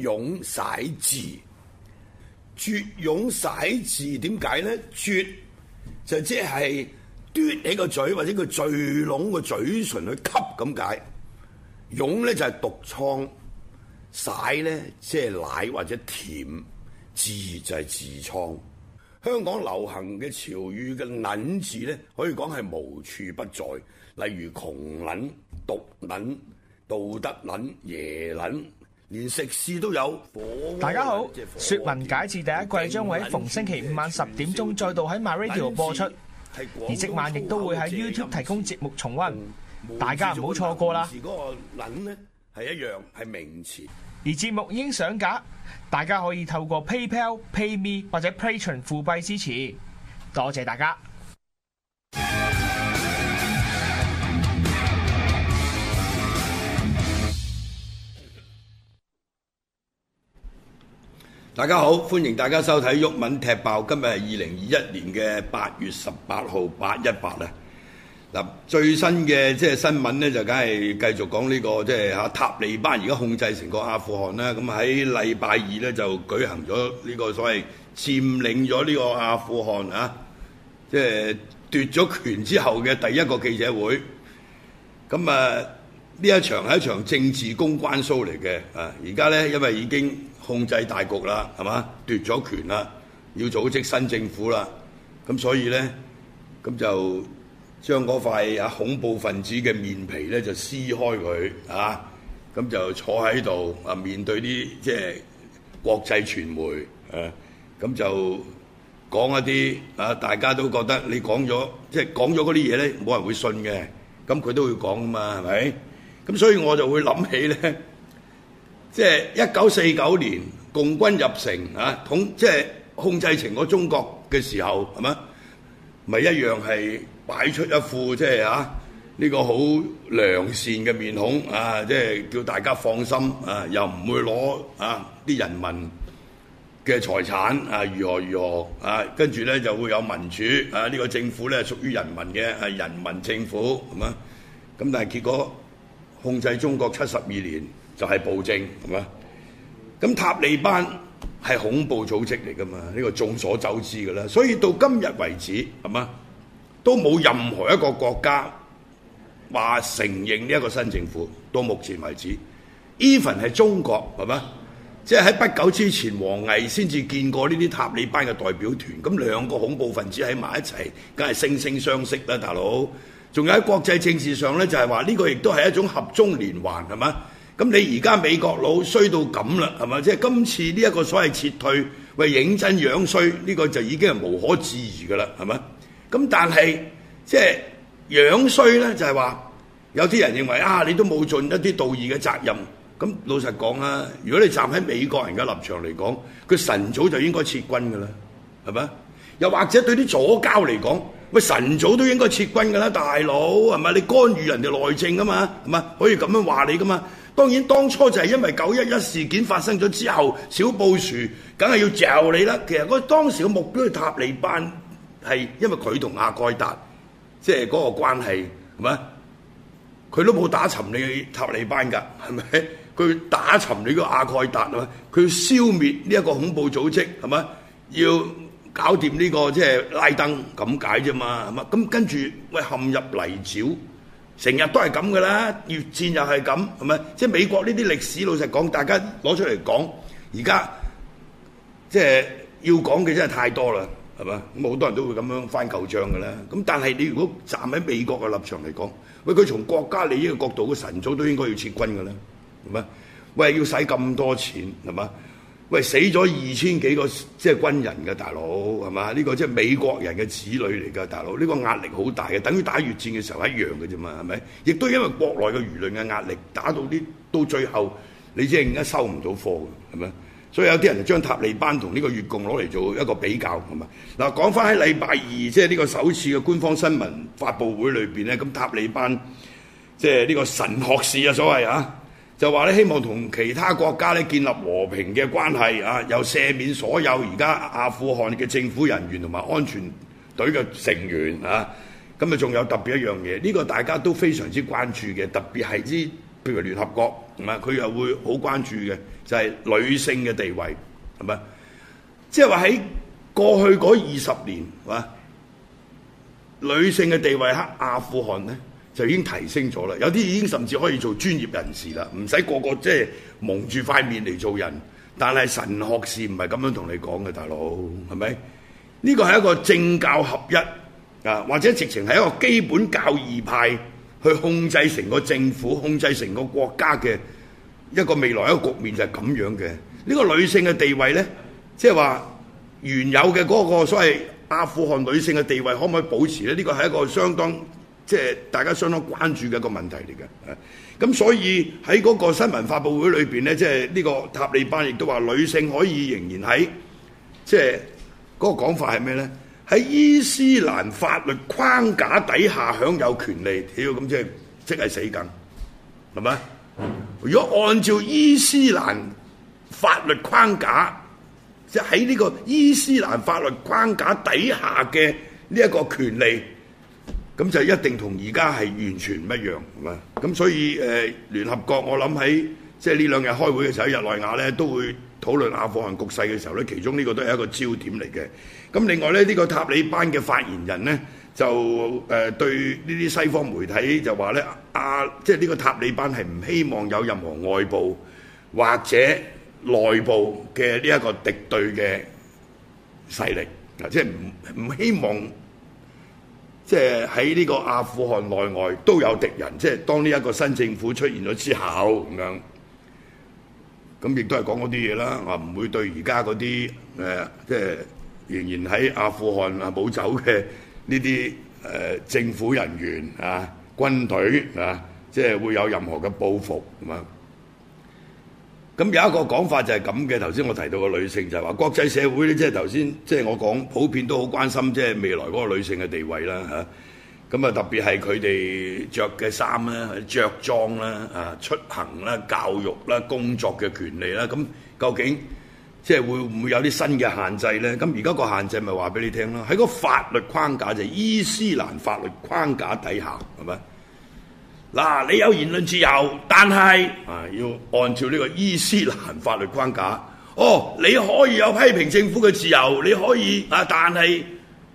勇洗痔，絕勇洗痔，點解咧？絕就即係嘟起個嘴或者個聚攏個嘴唇去吸咁解。勇咧就係、是、毒瘡，洗咧即係奶或者甜，痔就係痔瘡。香港流行嘅潮語嘅撚字咧，可以講係無處不在。例如窮撚、毒撚、道德撚、耶撚。連食肆都有火。大家好，說文解字第一季將會逢星期五晚十點鐘再度喺 MyRadio 播出，而即晚亦都會喺 YouTube 提供節目重溫，大家唔好錯過啦。而節目已經上架，大家可以透過 PayPal、PayMe 或者 Patreon 貨幣支持，多謝大家。大家好，歡迎大家收睇《毓民踢爆》。今日係二零二一年嘅八月十八號，八一八啊！嗱，最新嘅即係新聞呢，就梗係繼續講呢、這個即係、就是、塔利班而家控制成個阿富汗啦。咁喺禮拜二呢，就舉行咗呢個所謂佔領咗呢個阿富汗啊，即係奪咗權之後嘅第一個記者會。咁啊，呢一場係一場政治公關 show 嚟嘅啊！而家呢，因為已經控制大局啦，係嘛？奪咗權啦，要組織新政府啦。咁所以咧，咁就將嗰塊啊恐怖分子嘅面皮咧就撕開佢啊。咁就坐喺度啊，面對啲即係國際傳媒啊，咁、啊、就講一啲啊，大家都覺得你講咗即係講咗嗰啲嘢咧，冇人會信嘅。咁佢都會講啊嘛，係咪？咁所以我就會諗起咧。即係一九四九年共軍入城啊，統即係控制成個中國嘅時候，係嘛？咪一樣係擺出一副即係啊呢個好良善嘅面孔啊，即係叫大家放心啊，又唔會攞啊啲人民嘅財產啊，如何如何啊。跟住咧就會有民主啊，呢個政府咧，屬於人民嘅，係人民政府，係嘛？咁但係結果控制中國七十二年。就係暴政，係嘛？咁塔利班係恐怖組織嚟噶嘛？呢個眾所周知噶啦。所以到今日為止，係嘛，都冇任何一個國家話承認呢一個新政府。到目前為止，even 係中國，係嘛？即係喺不久之前，王毅先至見過呢啲塔利班嘅代表團。咁兩個恐怖分子喺埋一齊，梗係惺惺相惜啦，大佬。仲有喺國際政治上咧，就係話呢個亦都係一種合縱連環，係嘛？咁你而家美國佬衰到咁啦，係咪？即係今次呢一個所謂撤退，喂，認真樣衰，呢個就已經係無可置疑噶啦，係咪？咁但係即係樣衰呢，就係話有啲人認為啊，你都冇盡一啲道義嘅責任。咁老實講啦，如果你站喺美國人嘅立場嚟講，佢神早就應該撤軍噶啦，係咪？又或者對啲左膠嚟講，喂，神早都應該撤軍噶啦，大佬係咪？你干預人哋內政啊嘛，係咪？可以咁樣話你噶嘛？當然，當初就係因為九一一事件發生咗之後，小布殊梗係要嚼你啦。其實嗰當時嘅目標係塔利班，係因為佢同阿蓋達即係嗰個關係，係嘛？佢都冇打沉你塔利班㗎，係咪？佢打沉你個阿蓋達啊？佢要消滅呢一個恐怖組織，係咪？要搞掂呢個即係拉登咁解啫嘛，係嘛？咁跟住喂，陷入泥沼。成日都係咁噶啦，越戰又係咁，係咪？即係美國呢啲歷史，老實講，大家攞出嚟講，而家即係要講嘅真係太多啦，係嘛？咁好多人都會咁樣翻舊帳噶啦。咁但係你如果站喺美國嘅立場嚟講，喂，佢從國家利益嘅角度，佢神早都應該要撤軍噶啦，係咪？喂，要使咁多錢，係嘛？喂，死咗二千幾個即係、就是、軍人嘅大佬，係嘛？呢、這個即係美國人嘅子女嚟㗎，大佬呢、這個壓力好大嘅，等於打越戰嘅時候一樣嘅啫嘛，係咪？亦都因為國內嘅輿論嘅壓力，打到啲到最後，你即係而家收唔到貨㗎，係咪？所以有啲人將塔利班同呢個越共攞嚟做一個比較，係咪？嗱，講翻喺禮拜二，即係呢個首次嘅官方新聞發佈會裏邊咧，咁塔利班即係呢個神學士啊，所謂啊。就話咧，希望同其他國家咧建立和平嘅關係啊，又赦免所有而家阿富汗嘅政府人員同埋安全隊嘅成員啊。咁啊，仲有特別一樣嘢，呢個大家都非常之關注嘅，特別係啲譬如聯合國係嘛，佢又會好關注嘅，就係女性嘅地位係嘛？即係話喺過去嗰二十年，係嘛，女性嘅地位喺阿富汗呢就已經提升咗啦，有啲已經甚至可以做專業人士啦，唔使個個即係蒙住塊面嚟做人。但係神學士唔係咁樣同你講嘅，大佬係咪？呢個係一個政教合一啊，或者直情係一個基本教義派去控制成個政府、控制成個國家嘅一個未來一個局面就係咁樣嘅。呢個女性嘅地位呢，即係話原有嘅嗰個所謂阿富汗女性嘅地位可唔可以保持呢？呢個係一個相當，即係大家相當關注嘅一個問題嚟嘅，咁所以喺嗰個新聞發佈會裏邊呢，即係呢個塔利班亦都話女性可以仍然喺，即係嗰個講法係咩呢？喺伊斯蘭法律框架底下享有權利，屌咁即係即係死梗，係咪？如果按照伊斯蘭法律框架，即喺呢個伊斯蘭法律框架底下嘅呢一個權利。咁就一定同而家係完全唔一樣，咁所以誒、呃、聯合國我，我諗喺即係呢兩日開會嘅時候，喺日內瓦呢都會討論阿富汗局勢嘅時候呢，其中呢個都係一個焦點嚟嘅。咁另外呢呢、呢個塔利班嘅發言人呢，就、呃、對呢啲西方媒體就話呢，啊即係呢個塔利班係唔希望有任何外部或者內部嘅呢一個敵對嘅勢力，即係唔唔希望。即係喺呢個阿富汗內外都有敵人，即係當呢一個新政府出現咗之後，咁樣，咁亦都係講嗰啲嘢啦。話唔會對而家嗰啲誒，即係仍然喺阿富汗啊冇走嘅呢啲誒政府人員啊軍隊啊，即係會有任何嘅報復咁啊。咁有一個講法就係咁嘅，頭先我提到女，就是就是我就是，個女性就係話國際社會咧，即係頭先即係我講普遍都好關心即係未來嗰個女性嘅地位啦嚇。咁啊特別係佢哋著嘅衫啦，著裝啦，啊，啊出行啦，教育啦，工作嘅權利啦，咁究竟即係，就是，會唔會有啲新嘅限制咧？咁而家個限制咪話俾你聽咯，喺個法律框架就係，伊斯蘭法律框架底下係咪？嗱，你有言論自由，但係啊，要按照呢個伊斯蘭法律框架。哦，你可以有批評政府嘅自由，你可以啊，但係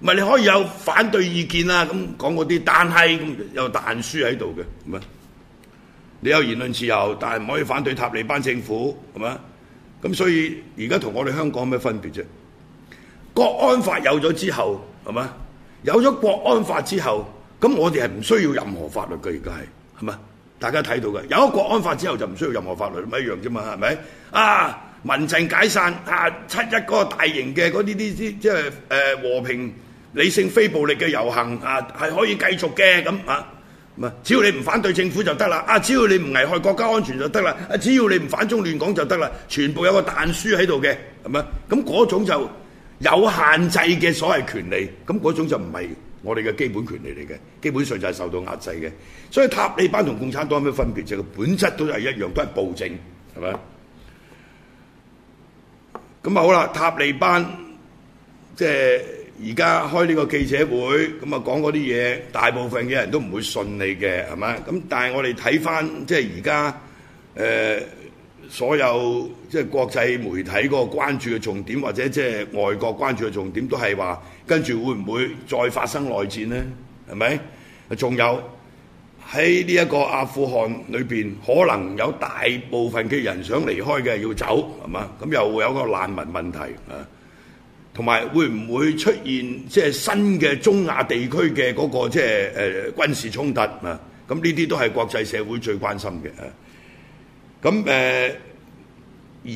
唔係你可以有反對意見啊，咁講嗰啲，但係有但書喺度嘅，係嘛？你有言論自由，但係唔可以反對塔利班政府，係嘛？咁所以而家同我哋香港有咩分別啫？國安法有咗之後，係嘛？有咗國安法之後，咁我哋係唔需要任何法律嘅，而家係。係嘛？大家睇到嘅，有個《國安法》之後就唔需要任何法律，咪一樣啫嘛？係咪？啊，民陣解散啊，七一嗰個大型嘅嗰啲啲啲，即係、就是呃、和平理性非暴力嘅遊行啊，係可以繼續嘅咁啊。啊，只要你唔反對政府就得啦，啊，只要你唔危害國家安全就得啦，啊，只要你唔反中亂港就得啦，全部有個彈書喺度嘅，係咪？咁嗰種就有限制嘅所謂權利，咁嗰種就唔係。我哋嘅基本權利嚟嘅，基本上就係受到壓制嘅。所以塔利班同共產黨有咩分別？就係個本質都係一樣，都係暴政，係咪？咁啊好啦，塔利班即係而家開呢個記者會，咁啊講嗰啲嘢，大部分嘅人都唔會信你嘅，係咪？咁但係我哋睇翻即係而家誒所有即係國際媒體個關注嘅重點，或者即係外國關注嘅重點，都係話。跟住會唔會再發生內戰呢？係咪？啊，仲有喺呢一個阿富汗裏邊，可能有大部分嘅人想離開嘅，要走係嘛？咁又會有個難民問題啊。同埋會唔會出現即係新嘅中亞地區嘅嗰個即係誒軍事衝突啊？咁呢啲都係國際社會最關心嘅啊。咁誒，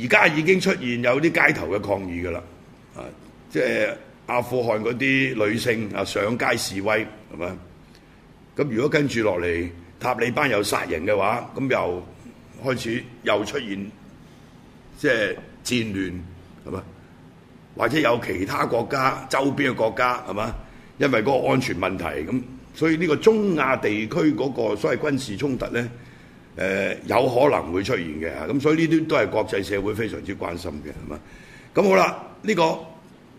而家已經出現有啲街頭嘅抗議㗎喇啊，即係。阿富汗嗰啲女性啊上街示威，係咪？咁如果跟住落嚟塔利班又殺人嘅話，咁又開始又出現即係、就是、戰亂，係咪？或者有其他國家周邊嘅國家，係咪？因為嗰個安全問題，咁所以呢個中亞地區嗰個所謂軍事衝突咧、呃，有可能會出現嘅，咁所以呢啲都係國際社會非常之關心嘅，係咪？咁好啦，呢、呢個。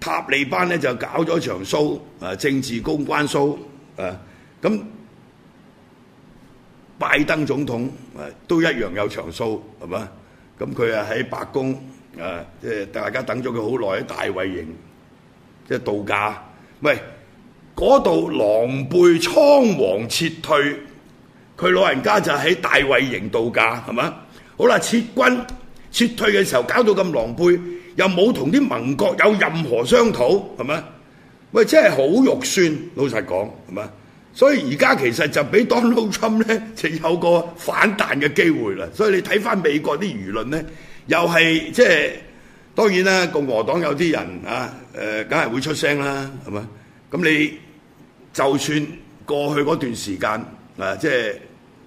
塔利班咧就搞咗場 show，啊政治公關 show，啊咁拜登總統啊都一樣有場 show，係嘛？咁佢啊喺白宮啊，即係大家等咗佢好耐喺大衛營即係、就是、度假。喂，嗰度狼狽倉皇撤退，佢老人家就喺大衛營度假，係嘛？好啦，撤軍撤退嘅時候搞到咁狼狽。又冇同啲盟國有任何商討，係咪？喂，真係好肉酸，老實講，係咪？所以而家其實就俾 Donald Trump 咧，就有個反彈嘅機會啦。所以你睇翻美國啲輿論咧，又係即係當然啦，共和黨有啲人啊，誒、呃，梗係會出聲啦，係咪？咁你就算過去嗰段時間啊，即係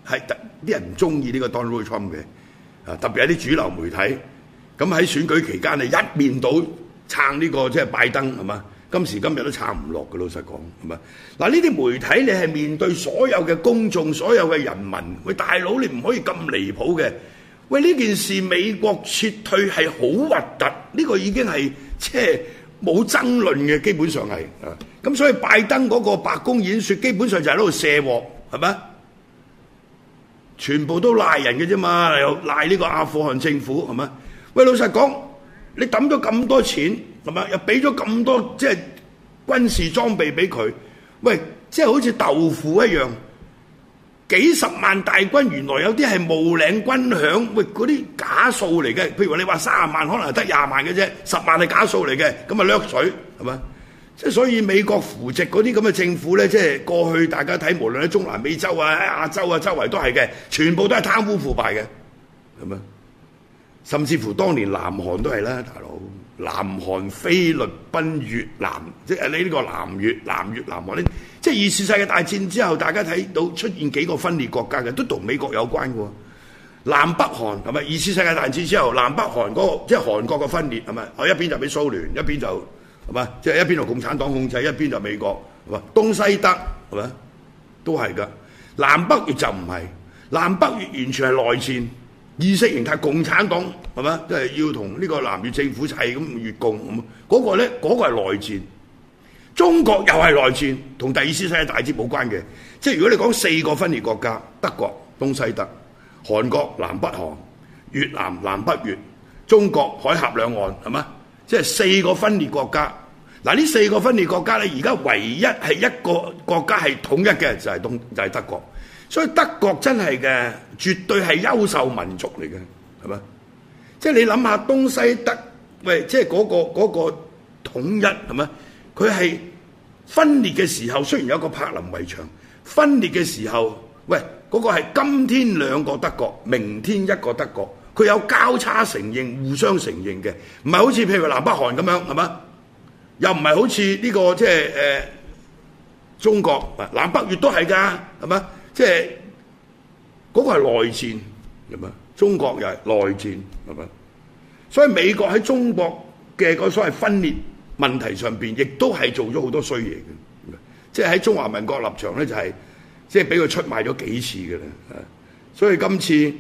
係特啲人唔中意呢個 Donald Trump 嘅啊，特別係啲主流媒體。咁喺選舉期間啊，一面倒撐呢個即係拜登係嘛？今時今日都撐唔落嘅，老實講係嘛？嗱呢啲媒體你係面對所有嘅公眾、所有嘅人民，喂大佬你唔可以咁離譜嘅！喂呢件事美國撤退係好核突，呢個已經係即係冇爭論嘅，基本上係啊。咁所以拜登嗰個白宮演説，基本上就喺度卸鑊係嘛？全部都賴人嘅啫嘛，又賴呢個阿富汗政府係嘛？喂，老實講，你抌咗咁多錢，係咪？又俾咗咁多即係軍事裝備俾佢？喂，即係好似豆腐一樣，幾十萬大軍原來有啲係冒領軍餉，喂嗰啲假數嚟嘅。譬如話你話卅萬，可能係得廿萬嘅啫，十萬係假數嚟嘅，咁咪掠水，係咪？即係所以美國扶植嗰啲咁嘅政府咧，即係過去大家睇，無論喺中南美洲啊、喺亞洲啊周圍都係嘅，全部都係貪污腐敗嘅，係咪？甚至乎當年南韓都係啦，大佬，南韓、菲律賓、越南，即係你呢個南越、南越南韓，即係、就是、二次世界大戰之後，大家睇到出現幾個分裂國家嘅，都同美國有關嘅喎。南北韓係咪二次世界大戰之後，南北韓嗰個即係韓國嘅分裂係咪？我一邊就俾蘇聯，一邊就係、是、嘛，即係、就是、一邊就共產黨控制，一邊就美國，係嘛？東西德係咪都係㗎？南北越就唔係，南北越完全係內戰。意識形態共產黨係咪？即係、就是、要同呢個南越政府砌咁越共咁？嗰、那個咧，嗰、那個係內戰。中國又係內戰，同第二次世界大戰冇關嘅。即係如果你講四個分裂國家，德國、東西德、韓國南北韓、越南南北越、中國海峽兩岸，係咪？即、就、係、是、四個分裂國家。嗱，呢四個分裂國家咧，而家唯一係一個國家係統一嘅就係東就係德國。所以德國真係嘅，絕對係優秀民族嚟嘅，係咪？即係你諗下，東西德喂，即係嗰個嗰個統一係咪？佢係分裂嘅時候，雖然有個柏林圍牆，分裂嘅時候，喂嗰個係今天兩個德國，明天一個德國，佢有交叉承認、互相承認嘅，唔係好似譬如南北韓咁樣，係咪？又唔係好似呢個即係誒中國，南北越都係㗎，係咪？即係嗰個係內戰，明白？中國又係內戰，明白？所以美國喺中國嘅所謂分裂問題上邊，亦都係做咗好多衰嘢嘅。即係喺中華民國立場咧，就係即係俾佢出賣咗幾次嘅啦。所以今次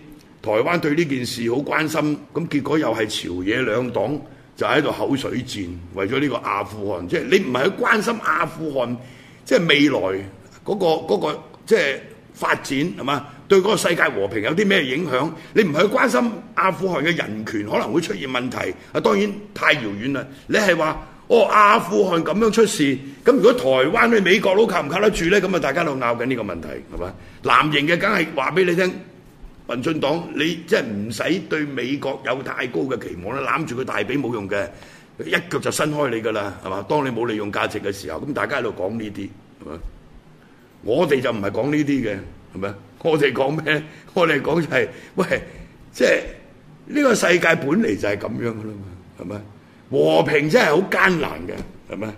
台灣對呢件事好關心，咁結果又係朝野兩黨就喺度口水戰，為咗呢個阿富汗。即係你唔係去關心阿富汗，即係未來嗰個嗰個即係。發展係嘛？對嗰個世界和平有啲咩影響？你唔去關心阿富汗嘅人權可能會出現問題啊！當然太遙遠啦。你係話哦，阿富汗咁樣出事，咁如果台灣去美國佬靠唔靠得住呢？咁啊，大家都拗緊呢個問題係嘛？藍營嘅梗係話俾你聽，民進黨你即係唔使對美國有太高嘅期望啦，攬住佢大髀冇用嘅，一腳就伸開你㗎啦係嘛？當你冇利用價值嘅時候，咁大家喺度講呢啲係嘛？我哋就唔係講呢啲嘅，係咪？我哋講咩？我哋講就係，喂，即係呢個世界本嚟就係咁樣嘅啦嘛，係咪？和平真係好艱難嘅，係咪？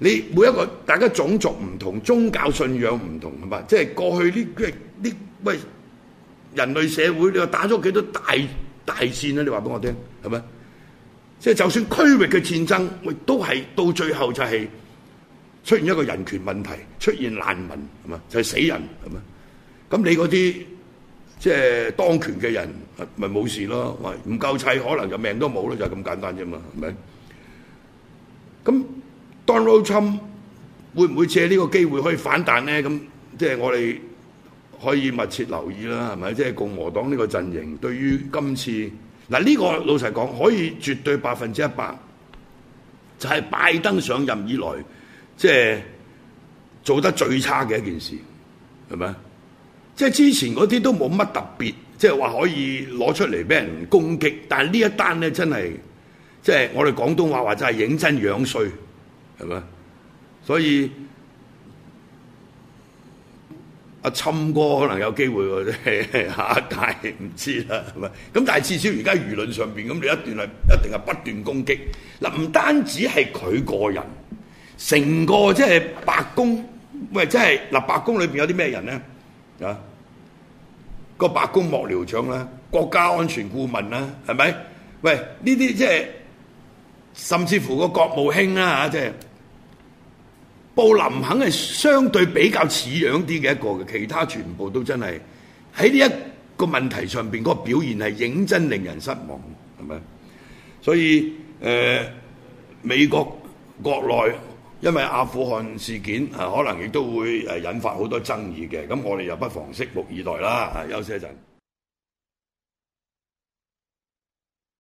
你每一個大家種族唔同、宗教信仰唔同，係咪？即係過去呢，即係呢，喂，人類社會你話打咗幾多大大戰啊？你話俾我聽，係咪？即係就算區域嘅戰爭，喂，都係到最後就係。出現一個人權問題，出現難民，係嘛？就係死人，係嘛？咁你嗰啲即係當權嘅人，咪冇事咯？唔夠砌，可能就命都冇咯，就係咁簡單啫嘛，係咪？咁 Donald Trump 會唔會借呢個機會可以反彈呢？咁即係我哋可以密切留意啦，係咪？即係共和黨呢個陣營對於今次嗱呢個老實講，可以絕對百分之一百就係拜登上任以來。即係做得最差嘅一件事，係咪？即係之前嗰啲都冇乜特別，即係話可以攞出嚟俾人攻擊，嗯、但係呢一單咧真係，即係我哋廣東話話真係認真樣衰，係咪？所以阿侵哥可能有機會喎，下屆唔知啦，係咪？咁但係至少而家輿論上邊，咁你一段係一定係不斷攻擊，嗱唔單止係佢個人。成個即係白宮，喂，即係嗱，白宮裏邊有啲咩人咧啊？個白宮幕僚長啦，國家安全顧問啦，係咪？喂，呢啲即係甚至乎個國務卿啦嚇，即係布林肯係相對比較似樣啲嘅一個嘅，其他全部都真係喺呢一個問題上邊嗰個表現係認真令人失望，係咪？所以誒，美國國內。因為阿富汗事件可能亦都會引發好多爭議嘅，咁我哋就不妨拭目以待啦，休息一陣。